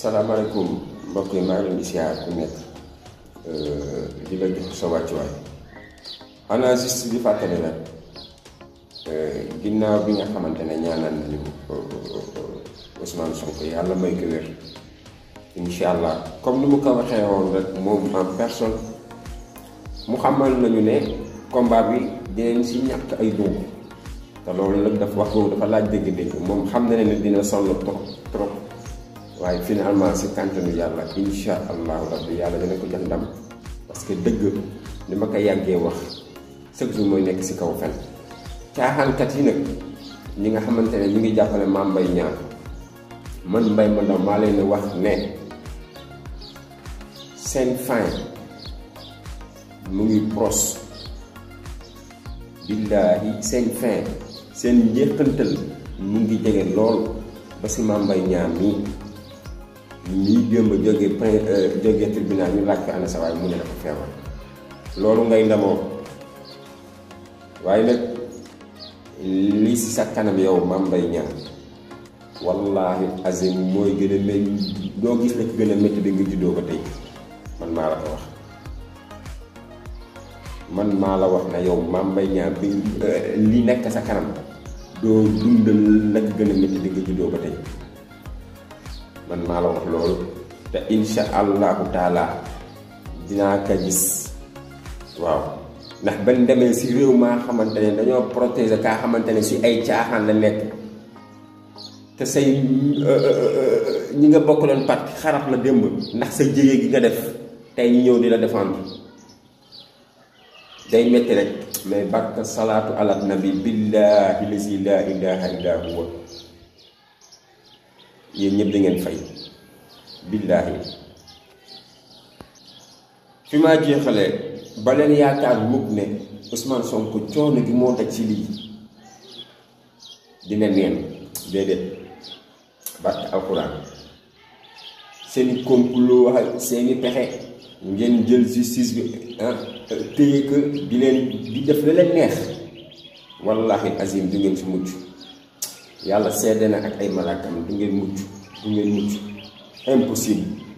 salaamaaleykum mbokk yi maa ngi leen di ku nekk euh, di la jox sa wàccuwaay xanaa juste di fàttali nag euh, ginnaaw bi nga xamante ne ñaanal nañu euh, Ousmane Sonko yàlla mooy ko wér incha comme ni mu ko waxee woon rek moom en personne mu xamal nañu ne combat bi dinañ si ñàkk ay dugub te loolu nag dafa wax boobu dafa laaj dégg-dégg moom xam na ne dina sonn trop trop. waaye finalement si kàntanu yàlla insha allahu rabbi yàlla dina ko jox ndam parce que dëgg ni ma ko yàggee wax chaque jour mooy nekk si kaw fen caaxaankat yi nag ñi nga xamante ne ñu ngi jàppale Mame Mbaye Niang man Mbaye ma ndaw maa leen wax ne seen fin mu ngi proche billaahi seen fin seen njeexantal mu ngi jege lool ba si Mame Mbaye Niang lii démb jógee point euh, jógee tribunal ñu laaj ko ana sa waay mu ne dafa feebar loolu ngay ndamoo waaye nag lii si sa kanam yow Mame Mbaye Niang wallaahi azim mooy gën a mel doo gis la ci gën a métti bi nga juddoo ba tey man maa la ko wax man maa la wax na yow Mame Mbaye Niang bi euh, li nekk sa kanam doo dundal la loolu te insha allah taala dina ka gis waaw ndax bañ demé ci réew ma xamantene kaman protéger ka xamantene ci si ay tiaxan la nek te say euh, euh, euh, ñi nga bokkaloon pat xarab la demb ndax sa gi nga def tay ñu di la défendre day metti rek mais barka salatu ala nabi billahi la ilaha illa huwa yéen ñepp da ngeen fay billaahi fi maa jeexalee ba yaakaar mukk ne Ousmane Sonko coono gi moo daj ci lii dina neen déedéet barke alxuraan seeni complot wax seeni pexe ngeen jël justice bi ah, téye ko di leen di def la leen neex wallahi azim du ngeen fi mucc yàlla seede na ak ay malaakam du ngeen mucc du ngeen mucc É impossível.